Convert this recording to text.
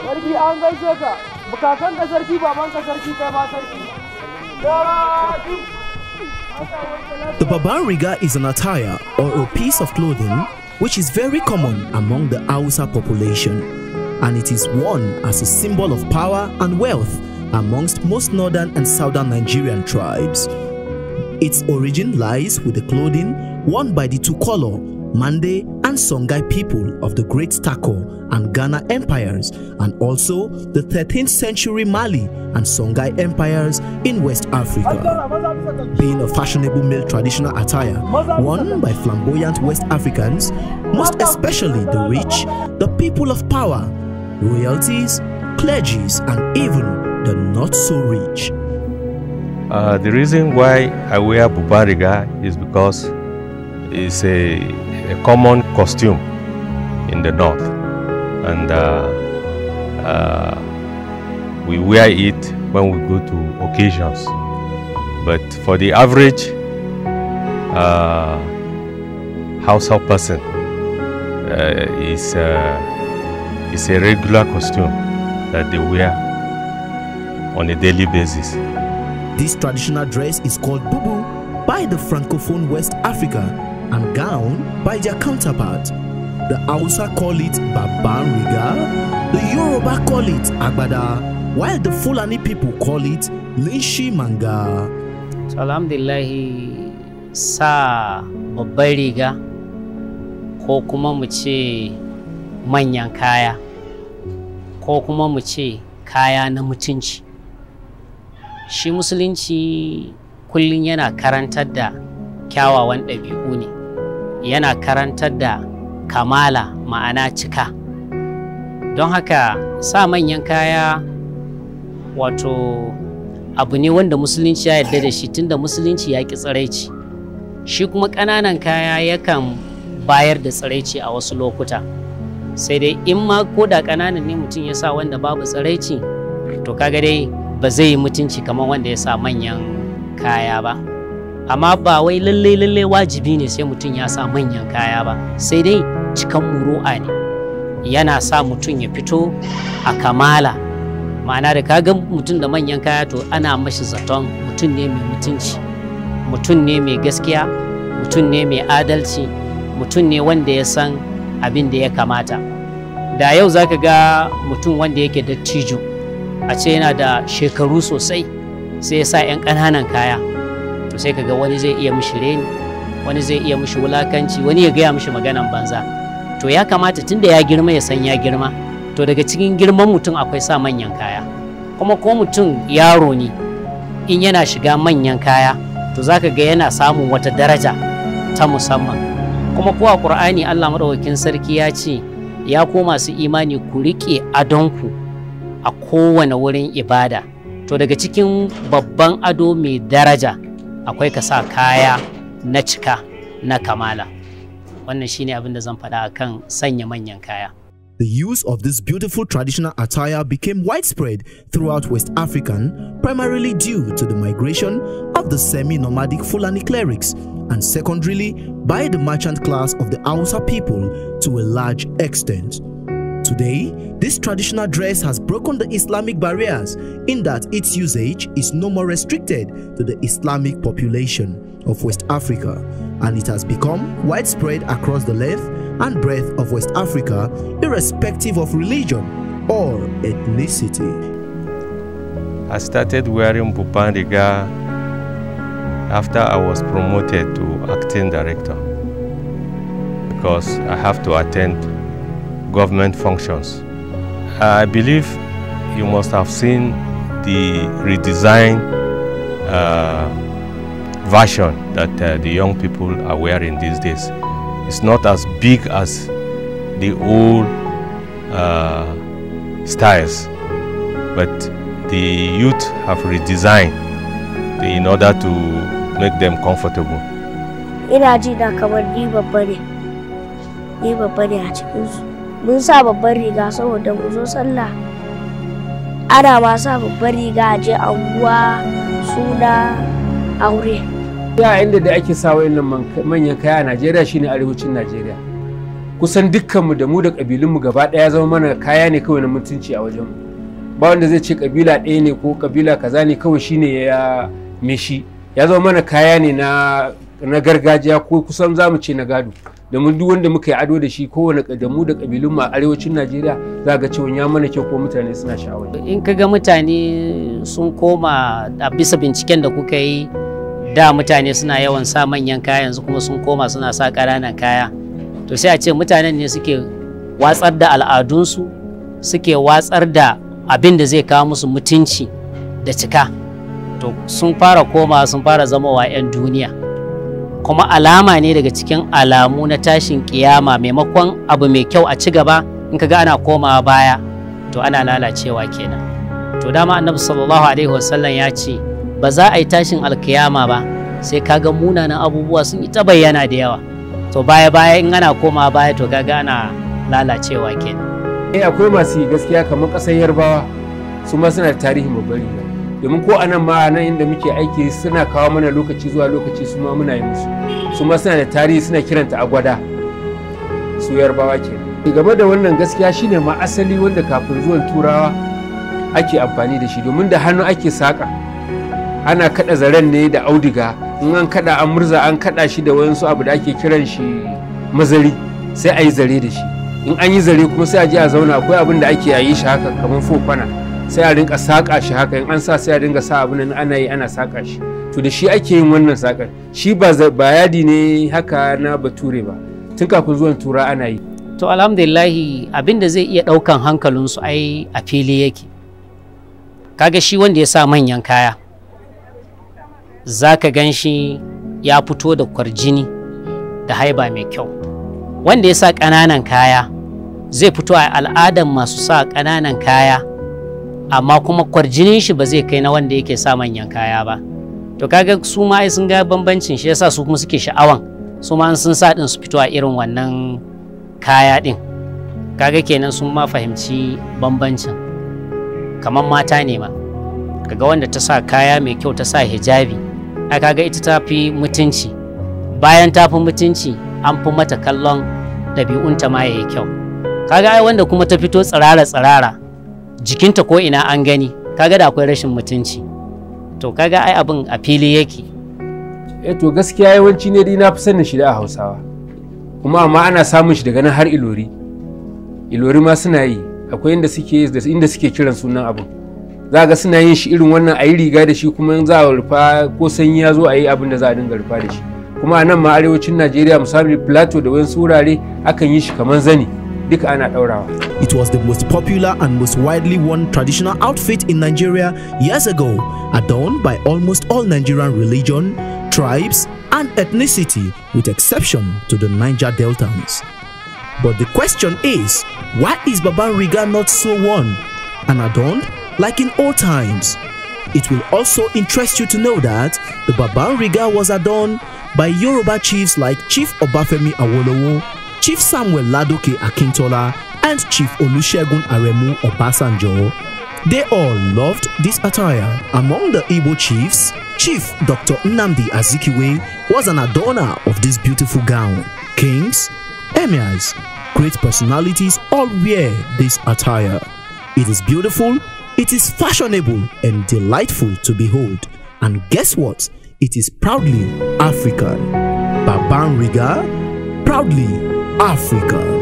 sarki sarki baban sarki The Baban Riga is an attire or a piece of clothing which is very common among the Hausa population and it is worn as a symbol of power and wealth amongst most northern and southern Nigerian tribes. Its origin lies with the clothing worn by the Tukolo, Mande and Songhai people of the Great Tako and Ghana empires, and also the 13th century Mali and Songhai empires in West Africa. Being a fashionable male traditional attire worn by flamboyant West Africans, most especially the rich, the people of power, royalties, clergies, and even the not so rich. Uh, the reason why I wear Bubariga is because is a, a common costume in the north, and uh, uh, we wear it when we go to occasions. But for the average uh, household person, is it's a regular costume that they wear on a daily basis. This traditional dress is called bubu by the Francophone West Africa and gown by their counterpart. The Hausa call it Babariga, the Yoruba call it Agbada, while the Fulani people call it Linshi Manga. So, alhamdulillah, sa babbar riga ko kuma mu manyan kaya ko kuma mu kaya na mutunci. Shi musulunci kullum yana karantar da kyawawan ɗabi'u ne yana karantar da kamala ma'ana cika don haka sa manyan kaya wato abu ne wanda musulunci ya yarda da shi tunda musulunci ya ki tsiraici shi kuma ƙananan kaya yakan bayar da tsiraici a wasu lokuta sai dai in ma ko da ƙananan ne mutum ya sa wanda babu tsiraici to kaga dai ba zai yi mutunci kamar wanda ya sa manyan kaya ba. amma ba wai lallai-lallai wajibi ne sai mutum ya sa manyan kaya ba sai dai cikan muru'a ne yana sa mutum ya fito a kamala ma'ana da kaga mutum da manyan kaya to ana mashi zaton mutum ne mai mutunci mutum ne mai gaskiya mutum ne mai adalci mutum ne wanda ya san abin da ya kamata da yau za ka ga mutum wanda yake dattijo a ce yana da shekaru sosai sai ya sa 'yan ƙananan kaya sai kaga wani zai iya mishi reni wani zai iya mishi wulakanci wani ya gaya mishi maganan banza to ya kamata tunda ya girma ya san ya girma to daga cikin girman mutum akwai sa manyan kaya kuma ko mutum yaro ne in yana shiga manyan kaya to zaka ga yana samun wata daraja ta musamman kuma ko a Qur'ani Allah madaukakin sarki ya ce ya ko masu imani ku rike adonku a kowane wurin ibada to daga cikin babban ado mai daraja akwai ka sa kaya na cika na kamala wannan shine abin da zan faɗa akan sanya manyan kaya The use of this beautiful traditional attire became widespread throughout West African, primarily due to the migration of the semi-nomadic Fulani clerics and secondarily by the merchant class of the Hausa people to a large extent. Today, this traditional dress has broken the Islamic barriers in that its usage is no more restricted to the Islamic population of West Africa and it has become widespread across the length and breadth of West Africa irrespective of religion or ethnicity. I started wearing Bupandiga after I was promoted to acting director because I have to attend government functions. I believe you must have seen the redesigned uh, version that uh, the young people are wearing these days. It's not as big as the old uh, styles, but the youth have redesigned in order to make them comfortable. Ina ji na kamar ni babba ne, ni babba ne a mun sa babbar riga saboda mu zo sallah ana ma sa babbar riga a je anguwa suna aure ya inda da ake sa wayannan manyan kaya a Najeriya shine arewacin Najeriya kusan dukkanmu da mu da kabilunmu gaba daya zama mana kaya ne kawai na mutunci a wajenmu ba wanda zai ce kabila ɗaya ne ko kabila kaza ne kawai shine ya mishi ya zama mana kaya ne na gargajiya ko kusan zamu ce na gado mun duk wanda muka yi ado da shi kowane da mu da kabilun mu a arewacin Najeriya za ga cewa ya mana kyau ko mutane suna sha'awa in ka mutane sun koma a bisa binciken da kuka yi da mutane suna yawan sa manyan kaya yanzu kuma sun koma suna sa ƙananan kaya to sai a ce mutanen ne suke watsar da al'adunsu suke watsar da abin da zai kawo musu mutunci da cika to sun fara koma sun fara zama wa 'yan duniya kuma alama ne daga cikin alamu na tashin kiyama maimakon abu mai kyau a ci gaba in ka ga ana komawa baya to ana lalacewa kenan to dama annabi sallallahu alaihi wasallam ya ce ba za a yi tashin alkiyama ba sai kaga munanan abubuwa sun yi ta bayyana da yawa to baya baya in ana komawa baya to kaga ana lalacewa kenan eh akwai masu gaskiya kamar ƙasar yarbawa su ma suna da tarihin mabari. domin ko anan ma nan inda muke aiki suna kawo mana lokaci zuwa lokaci su ma muna yi musu su ma suna da tarihi suna kiranta agwada su yarbawa ke game da wannan gaskiya shine ma asali wanda kafin zuwan turawa ake amfani da shi domin da hannu ake saƙa ana kada zaren ne da auduga in an kada an murza an kada shi da wayansu abu da ake kiran shi mazari sai a yi zare da shi in an yi zare kuma sai a je a zauna akwai abin da ake yi shi haka kamar fofana sai a rinka saƙa shi haka in an sa sai a rinka sa abin nan ana yi ana saƙa shi to da shi ake yin wannan saƙar shi ba yadi ne haka na bature ba tun kafin zuwan tura ana yi to alhamdulillahi abin da zai iya ɗaukan su ai a fili yake kaga shi wanda ya sa manyan kaya zaka ka gan shi ya fito da kwarjini da haiba mai kyau wanda ya sa ƙananan kaya zai fito a al'adan masu sa ƙananan kaya amma kuma kwarjinin shi ba zai kai na wanda yake sa manyan kaya ba to kaga su ma sun ga bambancin shi yasa su kuma suke sha'awan su ma sun sa din su fito a irin wannan kaya din kaga kenan sun ma fahimci bambancin kamar mata ne ma kaga wanda ta sa kaya mai kyau ta sa hijabi a kaga ita ta fi mutunci bayan ta fi mutunci an fi mata kallon ɗabi'unta ma yayi kyau kaga ai wanda kuma ta fito tsirara tsirara jikinta ko ina an gani kaga da akwai rashin mutunci to kaga ai abin a fili yake eh to gaskiya yawanci ne dai na fi sanin shi da Hausawa kuma amma ana samun shi daga nan har Ilori Ilori ma suna yi akwai inda suke inda suke kiran sunan abin za ga suna yin shi irin wannan a yi riga da shi kuma za a rufa ko sanyi ya zo a yi abin da za a dinga rufa da shi kuma a nan ma arewacin najeriya misali plateau da wani wurare akan yi shi kamar zani duka ana It was the most popular and most widely worn traditional outfit in Nigeria years ago, adorned by almost all Nigerian religion, tribes, and ethnicity, with exception to the Niger Delta's. But the question is, why is Baban Riga not so worn and adorned like in old times? It will also interest you to know that the Baban Riga was adorned by Yoruba chiefs like Chief Obafemi Awolowo Chief Samuel Ladoke Akintola, and Chief Olusegun Aremu Obasanjo. They all loved this attire. Among the Igbo chiefs, Chief Dr. Nnamdi Azikiwe was an adorner of this beautiful gown. Kings, emirs, great personalities all wear this attire. It is beautiful, it is fashionable and delightful to behold. And guess what? It is proudly African. Babanriga, proudly Africa.